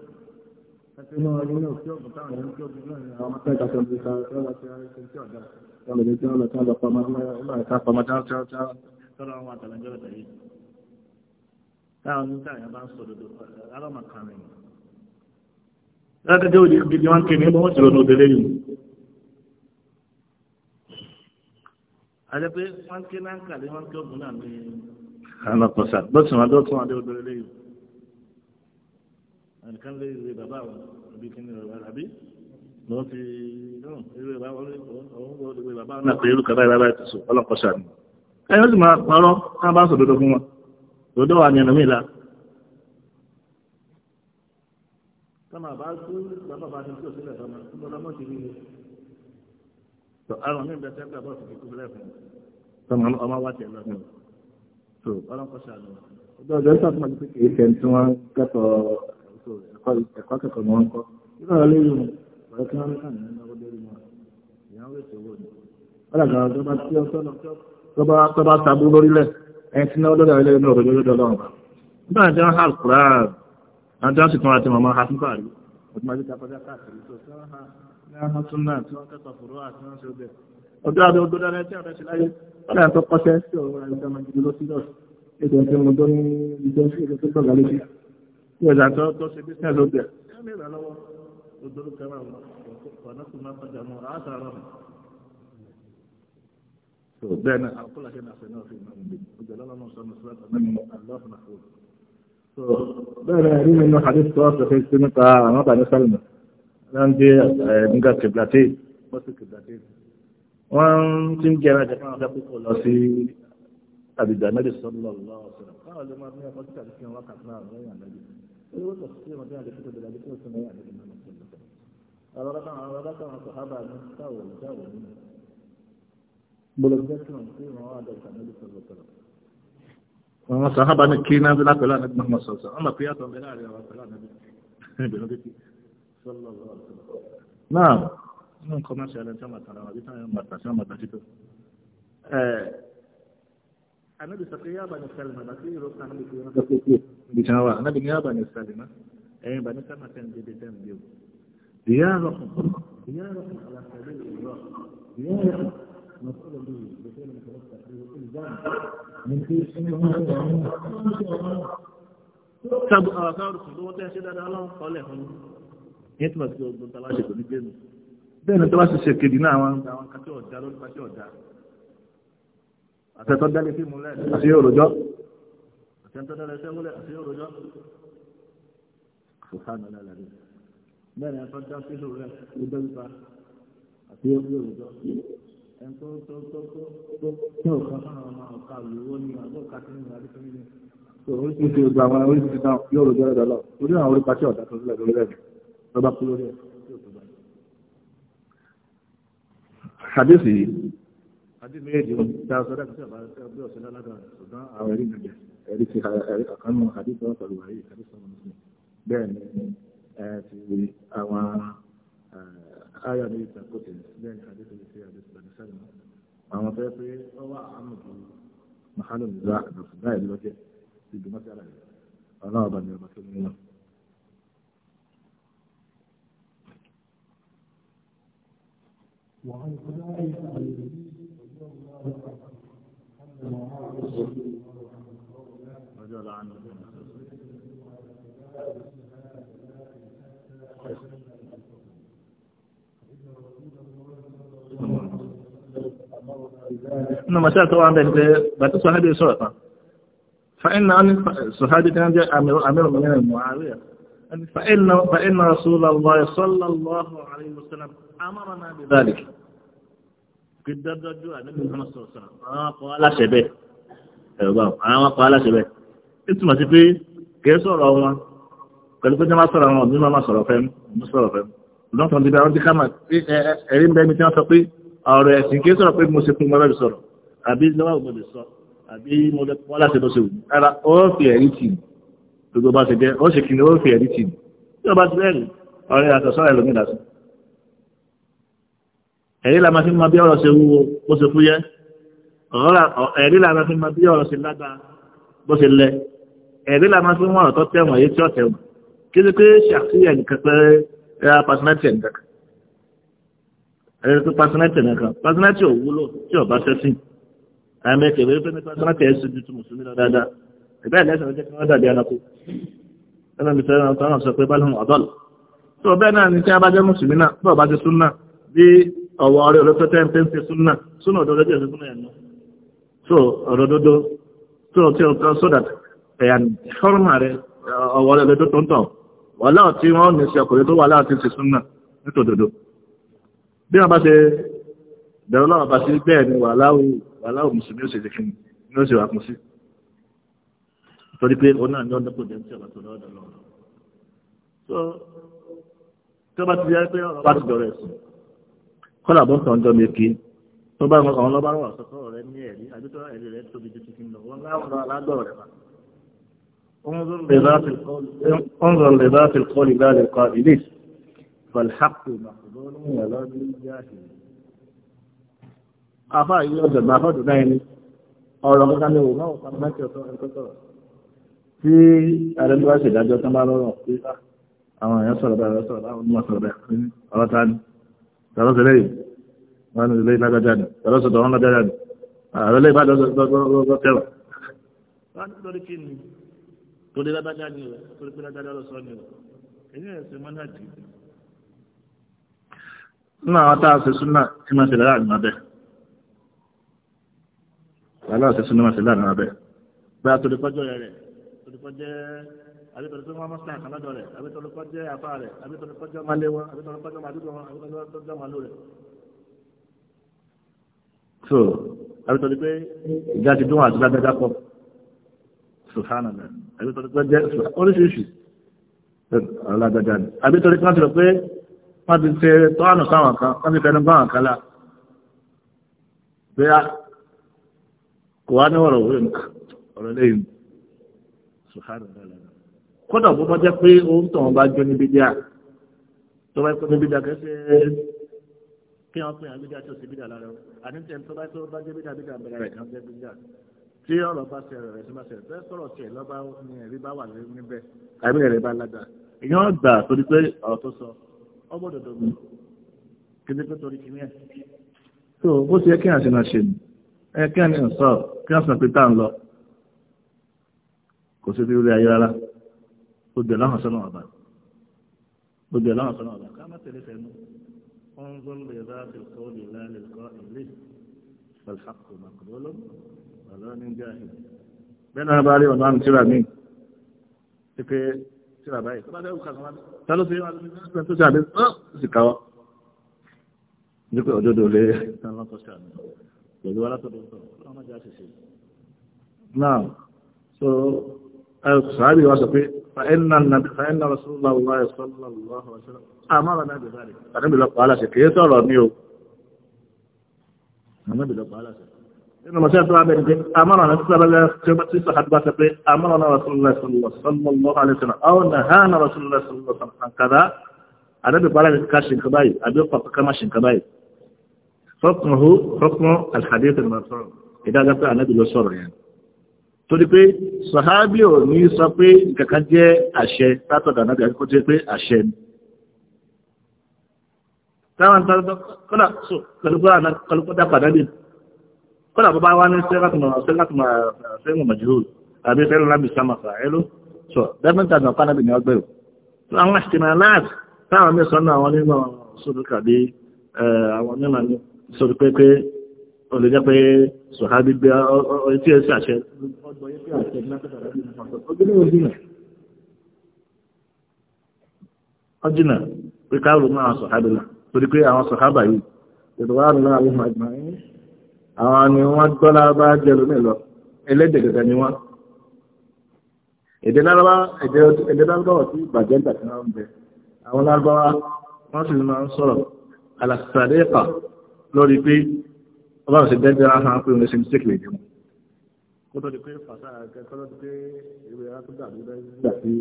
ẹ̀sìn inú ọdún náà tí ó bù táwọn èèyàn tí ó bù náà àwọn ọmọdé tó gidi sọ̀rọ̀ tí ó lọ sí ẹ̀sìn tí ọ̀dà tí ó lọ sí ọ̀dà tí ó lọ pamọ́ tí ó lọ sí ọ̀dà tí ó lọ àwọn táwọn oníkà yẹn bá ń sọ òdodo alọ́mọkàn rẹ̀ lọ́dọ̀dẹ́ òde gidi wọn kì ní bọ́ wọ́n ti lọ́nà òde lẹ́yìn àjẹpẹ́ wọn kí náà ń kàlé wọn kí ogun náà ní ànàkọ̀sà bọ́sùn wọn dọ́tún wọn dé òde lẹ́yìn ẹnìkan lè rí bàbá wọn àbí kí ni bàbá àbí lọ́wọ́ fi náà eré bàbá wọn lè bàbá wọn náà pé irú kàbáyé bàbá ẹ̀ tó so dodowa ne na mila kama ba su bàbá bá ti tó sílẹ̀ fama tó lọ́la mọ́ sí ní ilé tó àwọn mí bẹ́ẹ̀ sẹ́kà bọ́ sí ti kúbẹ́lẹ̀ fún tọ́mọ ọmọ wa tẹ̀ lọ́nà tó ọlọ́kọ̀ sàánú ọjọ́ ọjọ́ sọ́kùnmọ́ ti pèké ìfẹ́ tí wọ́n kẹ́kọ̀ọ́ ẹ̀kọ́ kẹ́kọ̀ọ́ ni wọ́n kọ́ nígbà wọlé yìí wọ́n kí wọ́n kàn ní ọwọ́ lórí wọn ìyàwó ètò owó ni ọlọ́kọ̀ tó bá tí ọ ẹni tí náà lọ́dọ̀ ilé náà lọ́dọ̀ lọ́dọ̀ lọ́wọ́ nígbà tí wọ́n hàl kúrá àjọ sì tún àti màmá ha fífà rí ọdúnmájú kápẹ́dá káàkiri tó tí wọ́n ha ní àwọn tún náà tí wọ́n kẹ́kọ̀ọ́ fòrò àti wọ́n ṣe ọbẹ̀ ọjọ́ abẹ́ ọdún dára tí àbẹ́ ṣe láyé ọ̀dà tó kọ́ṣẹ́ sí ọ̀rọ̀ àìsàn màjèlé lọ sí lọ́sì ètò ìfẹ́ mo tó ní ìjọ sí ètò tó gbọ̀gà lójú tí ọjà tó tó ṣe bísíǹ lọ́dẹ̀ ká so bẹ́ẹ̀ náà àkọlà ṣe náà ṣe náà fi máa ń gbé ọjọ́ lọ́lọ́nà sọ́nà sọ́nà aláfọ̀nà fún so bẹ́ẹ̀ náà rí nínú hadith tó ṣe fi nípa àwọn bàbá sálmù láń dé nígbà kìblàtì mọ́sí kìblàtì wọ́n ti ń jẹ́ ẹ̀rọ àjẹpá púpọ̀ lọ sí àbìjà mẹ́rin sọ́nà lọ́wọ́ sọ́nà káwọn lè máa ní ẹ̀kọ́ títà ní kí wọ́n wákàtí náà lọ́yìn àlejò owó tó ṣe wọn tí wọn lè fi tẹ̀lé àdékùn sí lọ́yìn àlejò náà lọ́sọ̀lọ́sọ̀ àwọn ọlọ́dọ́ àwọn ọlọ́dọ́ àwọn sọ̀hábà ní táwọn ìjáwó nínú àwọn sàhábà ní kí náà bílá pẹ̀lú ànábì Muhammad sọ̀sọ̀ wọ́n mọ̀ pé yàtọ̀ bẹ̀rẹ̀ àrẹ àwọn pẹ̀lú ànábì ìbìnú títí náà ní nǹkan máa ṣe ẹlẹ́ tí wọ́n máa tàrà wọn àbí táwọn máa tàṣí wọn máa tàṣí tó. ànábì sọ pé yàbà ní sálìmà bá sí ìró kan níbi tí wọ́n fẹ́ kú ibi tí wọ́n wà ànábì ní yàbà ní sálìmà ẹ̀yìn bà ní sálìmà tẹ́ ní dédé tẹ́ ní مسؤول به بفعل متوسط به الزام من في sábà káwọn olùsọ̀dọ́wọ́ tẹ́ ṣe dáadáa lọ́wọ́ kọ́lẹ̀ fún yẹn tí wọ́n ti gbogbo tàbá ṣe kò ní gbẹ́nu bẹ́ẹ̀ ni tàbá ṣe ṣe kejì náà àwọn àwọn kàtí ọ̀dà lórí pàṣẹ ọ̀dà àtẹ̀tọ́ dálé fíìmù lẹ̀ àti òròjọ́ àtẹ̀tọ́ dálé fíìmù lẹ̀ àti òròjọ́ sùhánù lálàrí bẹ́ẹ̀ ni àtọ́jà fíìmù lẹ̀ àti òròjọ́ ẹni tó tó tó tó tó kan fún àwọn ọmọ ọ̀ka lówó ní àgbọ̀ kàtí ní ìwádìí tó nílé. oríṣiríṣi ìgbà àwọn oríṣiríṣi náà yóò rò jẹ́rẹ̀ dọ́lọ́ orí àwọn orí pàṣẹ ọ̀dà tó sílẹ̀ lórí rẹ̀ lọ́ba kú lórí ẹ̀. Hadisi Hadisi méjèèjì ó ti aṣọ dẹ́kun sí àbáyé bí ọ̀sẹ̀ lálàdà ṣùgbọ́n àwọn ẹ̀rí nàbẹ̀ ẹ̀rí ti ẹ̀rí àkànnù Hadisi ọ̀sẹ̀ lùwárí Hadisi ọ̀sẹ̀ lùwárí bẹ́ẹ̀ ni ẹ̀ ti àwọn ayọ̀ ní ìtàkùn tẹ̀lé bẹ́ẹ̀ ni Hadisi ti ṣe Hadisi. àwọn tó yẹ pé ó wà àánú tó màhálù nígbà ìdọ̀túndà ìlú ọjẹ́ ti dùn mọ́tì ara rẹ̀ ọlọ́run ọba ni ọba tó ní náà. وعن أولئك عن النبي صلى الله عليه وسلم أن معاذ رضي الله عنه رجل عنه nínú masáà tó wà ń bẹ̀ ní pé bàtí sọ̀hábì sọ̀rọ̀ kan fa'ina sọ̀hábì tí wọ́n jẹ́ amírùn mìíràn ní Muawiya fa'ina rasulallah sallallahu alaihi wasallam amárànà bí dáàlì kí dájọ́jú àdébí ọmọ sọ̀rọ̀ àwọn akọ aláṣẹ bẹ́ẹ̀ ẹ̀rọ̀gbà àwọn akọ aláṣẹ bẹ́ẹ̀ ìtumọ̀ sí pé kìí sọ̀rọ̀ wọn pẹ̀lú pé jẹ́má sọ̀rọ̀ wọn mímọ́ máa sọ̀rọ̀ fẹ́m mú sọ̀rọ̀ fẹ́m lọ́sàn-án ti bẹ̀rẹ̀ ọdún kámà ẹ̀rí ń bẹ́ẹ̀ mi tí wọ́n sọ pé ọ̀rọ̀ ẹ̀sìn kìí sọ̀rọ̀ pé mo àbí náwà mo lè sọ àbí mo lè pọ́ láti lọ́sẹ̀ òní ara ó fi ẹ̀rí tì gbogbo bá ṣe jẹ́ ó ṣe kìnnìún ó fi ẹ̀rí tì tí ó bá ti rẹ́rìn ọ̀rẹ́ àtọ̀sọ́rẹ́ lómi dà sí. ẹ̀rí la máa fi mọ bí ọ̀rọ̀ ṣe wúwo bó ṣe fúyẹ́ ẹ̀rí la máa fi mọ bí ọ̀rọ̀ ṣe lágbára bó ṣe lẹ ẹ̀rí la máa fi mọ ọ̀rọ̀ tó tẹ̀wọ̀n èyí tí ó tẹ̀wọ̀n kí ni pé ṣàkíyàn nìkan pé ẹ̀ pàṣínátì ẹ̀ nìkan ẹ̀rẹ́ tó pàṣínátì tí ò bá ṣẹ́sìn àmì ẹ̀kẹ́ wẹ́rẹ́ pé nípa sọ́nà kẹ́ẹ̀ sojú tó mùsùlùmí lọ dáadáa ẹgbẹ́ ẹ̀lẹ́sìn ló jẹ́ kí wọ́n dàbí ẹranko ẹ̀rọ mi fẹ́ràn tó àwọn sọ pé bálùmù ọ̀dọ́lù tó bẹ́ẹ̀ náà ni tí a bá jẹ́ mùsùlùmí náà tó bá ti súnà bí ọ̀wọ́ ọ̀rẹ́ olóòtú tẹ́ ń pé ń ṣe súnà súnà òdodo jẹ́ súnà ẹ̀ nù tó ọ̀rọ̀ dodo tó tí o kọ́ sódà ẹ̀yà fọ́rùmà rẹ ọ̀wọ́ ọ̀rẹ́ olóòtú tó ń tọ̀ tí wọ́n ní ṣe ọkùnrin tó wà láò ti ṣe súnà nítòdodo bí wọ́n bá ṣe bẹ̀rù lọ́wọ́ bá sí bẹ́ẹ̀ ni wàláwò mùsùlùmí ó sì ti kíni ní ó sì wà kún sí torí pé òun náà ní ọdún kò so tí wọ́n bá ti di ẹgbẹ́ ọ̀rọ̀ bá ti dọ̀rọ̀ ẹ̀sìn kọ́lá bọ́ sàn jọ méjì tó bá wọn àwọn lọ́bàá wà sọ́kọ́ rẹ ní ẹ̀rí àdúgbò ẹ̀rí rẹ tóbi ju tuntun lọ انظر لذات القول لا للقائلين فالحق مقبول ولا للجاهل afá yìí ọ̀jọ̀gbọ́n afọ́dù náà ni ọ̀rọ̀ ọ̀gá ni òun náà kan mẹ́tì ọ̀tọ̀ ẹ̀kọ́ sọ̀rọ̀ tí àrẹ́lú wá ṣèdájọ́ tán bá lọ́rọ̀ pé ah, àwọn èèyàn sọ̀rọ̀ báyìí sọ̀rọ̀ báwọn onímọ̀ sọ̀rọ̀ báyìí ọ̀rọ̀ ta ni tọ́lọ́ sọ lẹ́yìn wọn ni ilé lágbájá ni tọ́lọ́ sọ tọ́wọ́n lágbájá ni ah, ààrẹ lè bá lọ́sọ̀ lọ́gbọ́ kẹrọ. wọ́n ní lórí kí ni tó lé lágbájá ni o tó lé lágbájá lọ́sọ̀ ni o èyí ẹ̀ sì mọ́ náà jù. nínú àwọn tá a ṣe súnà tí máa ṣe lára àgbà bẹ́ẹ̀ aláàṣẹ súnmọ́ sí láàrin abẹ́ bá a tó lè kọjọ́ rẹ̀ tó lè kọjẹ́ àbítọ̀lẹ́ tó wọ́n mọ́sán àkànlọ́dọ̀ rẹ̀ àbítọ̀lẹ́ kọjẹ́ àfá rẹ̀ àbítọ̀lẹ́ kọjọ́ máa léwọ́ àbítọ̀lẹ́ kọjọ́ máa dúdú wọn àbítọ̀lẹ́ kọjọ́ máa so àbítọ̀lẹ́ pé ìjà ti dún àti lágbájá pọ̀ sùhánà rẹ̀ àbítọ̀lẹ́ kọjẹ́ oríṣiríṣi lágbájá ni àbítọ̀lẹ́ kan ti rọ̀ pé wọ́n ti fẹ́ tọ́hánù sáwọn kan wọ́n ti fẹ́nu báwọn kan lá kò wá ní ọ̀rọ̀ òwe ọ̀rọ̀ lẹ́yìn sùhánù lọ́la kódà bó bá jẹ́ pé ohun tó wọn bá jó níbi díà tó bá kó níbi díà kẹsẹ̀ kí wọ́n pè á bídà tó sì bídà lára o àní tẹ̀ tó bá tó bá jẹ́ bídà bídà bẹ̀rẹ̀ rẹ̀ kan jẹ́ bídà tí ọ̀rọ̀ bá ṣe rẹ̀ sí máa ṣe rẹ̀ sọ̀rọ̀ tiẹ̀ lọ́ba ni ẹ̀rí bá wà níbẹ̀ àbí ẹ̀rí bá lágbà èèyàn gbà torí pé ọ̀rọ̀ tó sọ ọgbọ́dọ̀ dọ̀gbìn kí ni pé torí kí ni ẹ̀ so bó ti yẹ kí àṣẹ náà ṣe nù ẹ kí wọn ní sọ kí wọn sọ pé tá à ń lọ kò sí rírí ayé rárá gbogbo ẹ̀ láwọn sọ́nà ọ̀bà gbogbo ẹ̀ láwọn sọ́nà ọ̀bà ká má tẹ̀lé fẹ́nu wọn ń gbọ́ lè bá ti kọ́ lè lá lè kọ́ ìlé alhaqu maqbulun wala ní jahil bẹ́ẹ̀ náà bá rí ọ̀nà àmì tíra míì pípé tíra báyìí tó bá fẹ́ wùkà kan tá ló fi wá lórí ní tó ṣàdé ó sì káwọ́ nípa òdodo lè tán lọ́kọ̀ ṣàmì pẹ̀lú alátọ̀dọ̀ ọlọ́mọdé àṣìṣe náà so sàárì wa sọ pé fa'inna nàbí fa'inna rasulullah wa sallallahu alaihi wasallam amara nàbí sáré ànábì lọ pa aláṣẹ kìí sọ̀rọ̀ ní o ànábì lọ pa tí ó bá ti sọ àdúgbà sọ pé amara nàbí rasulullah sallallahu alaihi wasallam rasulullah sallallahu alaihi wasallam àkàrà ànábì pa aláṣẹ ká ṣìnkà حكمه حكم al المرفوع إذا جاء عن النبي لسọ̀rọ̀ yẹn torí pé sàhábì ò ní sọ pé kankan jẹ́ àṣẹ látọ̀dọ̀ ànábì àti kó jẹ́ pé àṣẹ ni táwọn tàbí kọ́lá so pẹ̀lú dápà dábì kọ́lá bọ́ bá wá ní sẹ́gbàtùmọ̀ majhul àbí fẹ́rẹ̀ lábì sàmàfà ẹlú so dẹ́gbẹ́ntà náà kánábì ní ọgbẹ̀rù àwọn àṣìmọ̀ láàt táwọn mẹ́sàn-án àwọn nínú sódùkà bí àwọn nínú sórí pé pé o lè jẹ́ pé sọ̀hábí gbé ọtí ẹ̀sìn àṣẹ ọjìnà pé káàrù máa sọ̀hábí là torí pé àwọn sọ̀hábà yìí ìdọ̀wà àrùnà àwọn àjùmọ̀ àwọn ni wọ́n gbọ́lá bá jẹ́ lómi lọ ẹlẹ́dẹ̀gẹ̀gẹ̀ ni wọ́n èdè lárúbáwá èdè lárúbáwá tí bàjẹ́ ń tàbí wọn bẹ àwọn lárúbáwá wọ́n sì máa ń sọ̀rọ̀ alàsàdéèkà lórí pé ọlọ́run ṣe dẹ́gbẹ́ ahọ́n pé òun lè ṣe mistake lè dìmọ̀ kó tó di pé fàtàrà kẹ́kọ́ lọ́dún pé ìwé arákùnrin àbí bẹ́ẹ̀ gbà sí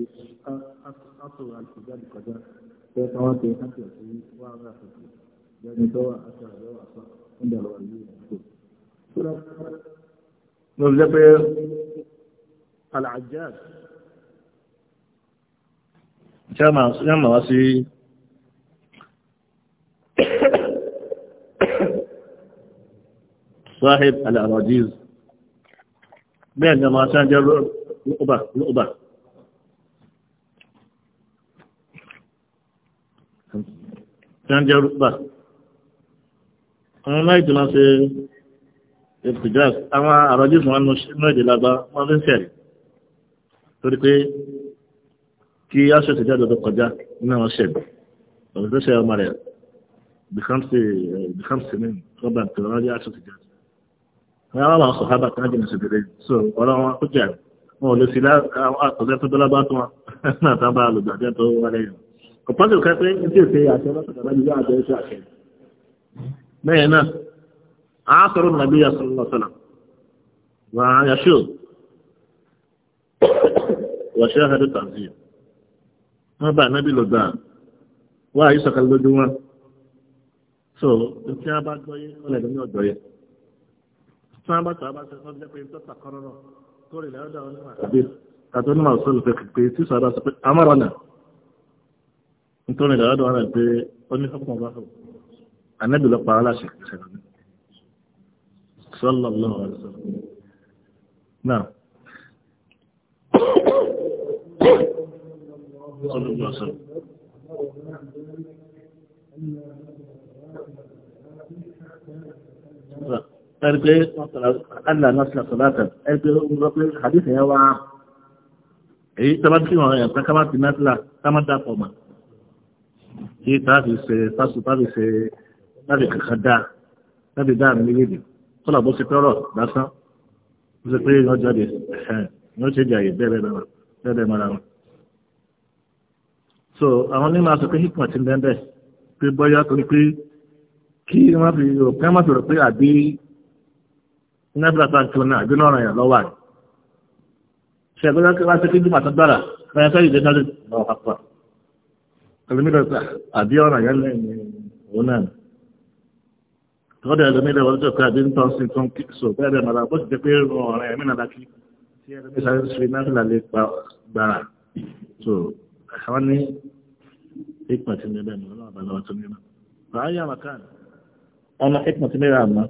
ápò àtìjáde kọjá pé káwọn ṣe káṣí àti wà rà tuntun jẹ́ni máa wá sí صاحب الأراجيز بأن ما كان جرب لقبة لقبة كان جرب لقبة أنا يجب أن ابتجاز أما أراجيز ما أنه شئ لابا ما من سيري فريقي كي ياسو تجاد ذو قجا إنه شئ وذلك سيارة مريض بخمس بخمس سنين قبل أن تراجع عشر تجاز ní àwọn àwọn sọ̀hábà tí wọ́n jìnà sọ̀bẹ̀rẹ̀ so ọ̀rọ̀ wọn kó jẹ́ wọn ò lè sí àkọsẹ́ tó dọ́lá bá tó wọn [LAUGHS] náà tá bá lògbà jẹ́ tó wà lẹ́yìn kò pọ́sì ò kẹ́pẹ́ ní tí èsè àṣẹ lọ́sọ̀tàbá ní àjọ iṣẹ́ àṣẹ lẹ́yìn náà a sọ̀rọ̀ nàbí ya sọ̀rọ̀ lọ́sọ̀nà wà á yà ṣó sábà sábà sọ fún jẹ́ pé dọ́tà kọ́rọ́rọ́ tó rí lọ́dọ̀ onímọ̀ àbí àti onímọ̀ òṣèlú fẹ́ pé tí sọ́dọ̀ sọ pé amárọ̀nà nítorí lọ́dọ̀ wọn pé ó ní fọ́pọ̀ bá sallallahu alaihi ẹgbẹ́ alànàṣàṣàlátà ẹgbẹ́ olùrọ́pẹ́ àdífẹ́ yẹn wá èyí tẹ́bá tí wọ́n ẹ̀ta ká má ti náàtìlá ká má dápọ̀ mà kí tàbí ṣe fásitì tàbí ṣe tàbí kankan dáa tàbí dáa mi lédè kọ́là bó ṣe pẹ́rọ̀ lásán ó ṣe pé yọ jáde yóò ṣe jàyè bẹ́ẹ̀ bẹ́ẹ̀ mara wọn. so àwọn onímọ̀ aṣọ pé hikma ti ń bẹ́ẹ̀ bẹ́ẹ̀ pé bọ́yá torí pé kí wọ́n fi nígbà tó ń kí wọn náà àjọ náà ràn yàn lọ́wọ́ àrùn ṣe àgbẹ̀dá kí wọ́n ṣe kí jùmọ̀ àtọ́gbàrà lọ́yẹ sẹ́yìn dé sáré lọ́wọ́ papọ̀ ẹlòmíràn sà àbí ọ̀ràn yẹn lẹ́yìn òun náà ni tọ́dọ̀ ẹlòmíràn wọ́n jọ pé àbí ń tán sí tó ń kí so bẹ́ẹ̀ bẹ́ẹ̀ mọ̀lá bó ti jẹ́ pé ọ̀ràn ẹ̀mí náà dákí tí ẹlòmíràn sáré ṣe náà lè pa gbàrà so àwọn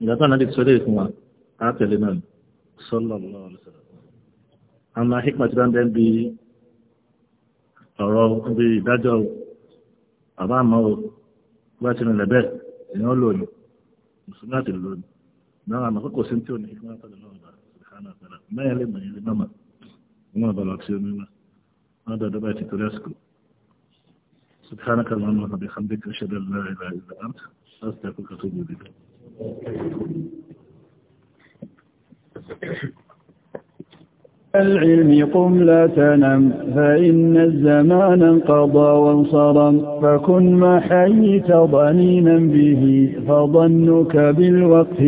ìgbà tó ànábì sọ́lé fún wa á tẹ̀lé náà sọ́lọ̀ àmà hikma ti dáńdẹ́ bí ọ̀rọ̀ bí ìdájọ́ àbá àmọ́ o bá ti rìn lẹ́bẹ̀ èèyàn lò ní mùsùlùmí àti lò ní náà àmà kókò sí tí ò ní hikma tọ́lẹ̀ náà bá sùkánà àtàlà mẹ́yìn lè mọ̀yìn lè mọ̀mà náà wọn dọ̀dọ̀ سبحانك اللهم وبحمدك اشهد ان لا اله الا انت استغفرك واتوب اليك العلم قم لا تنم فإن الزمان انقضى وانصرم فكن ما حييت ضنينا به فظنك بالوقت